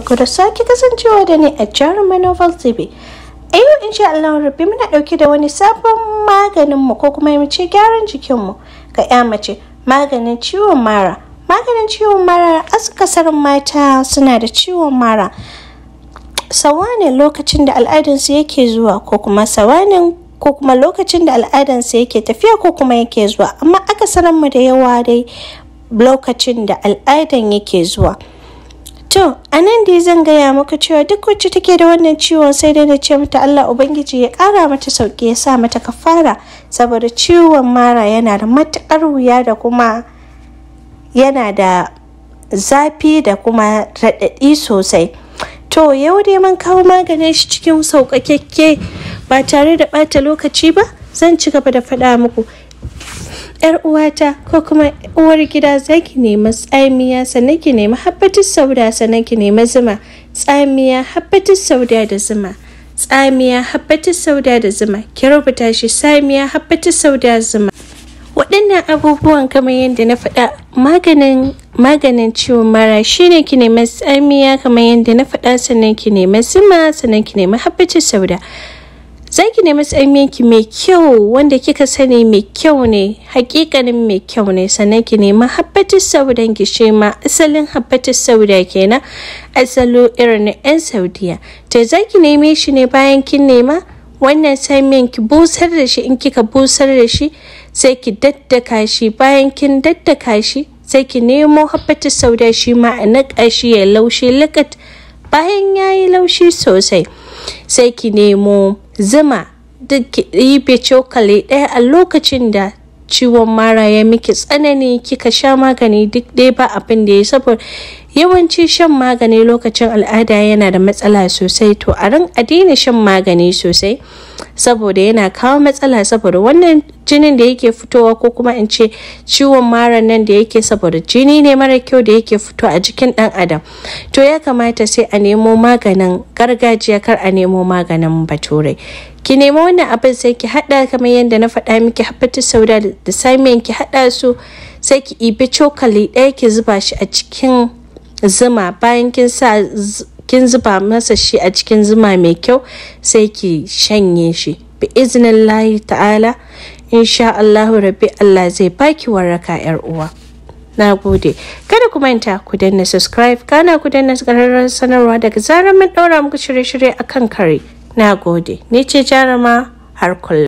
ku da sake kasancewa da ni a jarumin novel tv a yau insha Allah rabbi muna dauke da wani sabon maganin mu ko kuma mu ce gyaran jikin mu ga ya mace maganin ciwon mara maganin ciwon mara kasar mata suna da ciwon mara ne lokacin da al'adansu yake zuwa ko kuma ko kuma lokacin da al'adansu yake tafiya ko kuma yake zuwa amma akasarin mu da yawa dai lokacin da al'adan yake zuwa To, a nan dai zan gaya maka cewa duk wacce take da wannan ciwon sai dai na ce mata Allah Ubangiji ya ƙara mata sauƙi ya sa mata kafara saboda ciwon mara yana da matuƙar wuya da kuma yana da zafi da kuma raɗaɗi sosai. To, yau dai man kawo maganin shi cikin sauƙaƙƙe ba tare da bata lokaci ba, zan ci gaba da faɗa muku. 'yar uwata ko kuma uwar gida za ki nemi tsamiya sannan ki nemi habbatin sauda sannan ki nemi zuma tsamiya habbatin sauda da zuma tsamiya habbatin sauda da zuma ki rubuta shi tsamiya habbatin sauda zuma waɗannan abubuwan kamar yadda na faɗa maganin maganin ciwon mara shine ki nemi tsamiya kamar yadda na faɗa sannan ki nemi zuma sannan ki nemi habbatin sauda za ki nemi tsamiyarki mai kyau wanda kika sani mai kyau ne hakikanin mai kyau ne sannan ki nemi habbatar saudan ki shi ma asalin habbatar sauda kenan asalo irin 'yan saudiya ta za ki shi ne bayan kin nema wannan samin ki busar da shi in kika busar da shi sai ki daddaka shi bayan kin daddaka shi sai ki nemo habbatar sauda shi ma a naka shi ya laushi lakat bayan ya yi laushi sosai sai ki nemo zuma da yi ɗibe cokali ɗaya a lokacin da ciwon mara ya miki tsanani kika sha magani duk dai ba abin da ya saboda yawanci shan magani lokacin al'ada yana da matsala sosai to a ran a daina shan magani sosai saboda yana kawo matsala saboda wannan jinin da yake fitowa ko kuma in ce ciwon maran nan da yake saboda jini ne mara kyau da yake fito a jikin dan adam to ya kamata sai a nemo maganin gargajiya kar a nemo maganin bature ki nemi wannan abin sai ki hada kamar yadda na faɗa miki habbatu sauda da samiyan ki hada su sai ki ibi cokali ɗaya ki zuba shi a cikin zuma bayan kin sa kin zuba masa shi a cikin zuma mai kyau sai ki shanye shi bi iznillahi ta'ala insha Allahu rabbi Allah zai baki warraka yar uwa na gode kada ku manta ku danna subscribe kana ku danna ƙararrar sanarwa daga zarar mun ɗaura muku shirye-shirye akan kare na gode ni ce jarama har kullum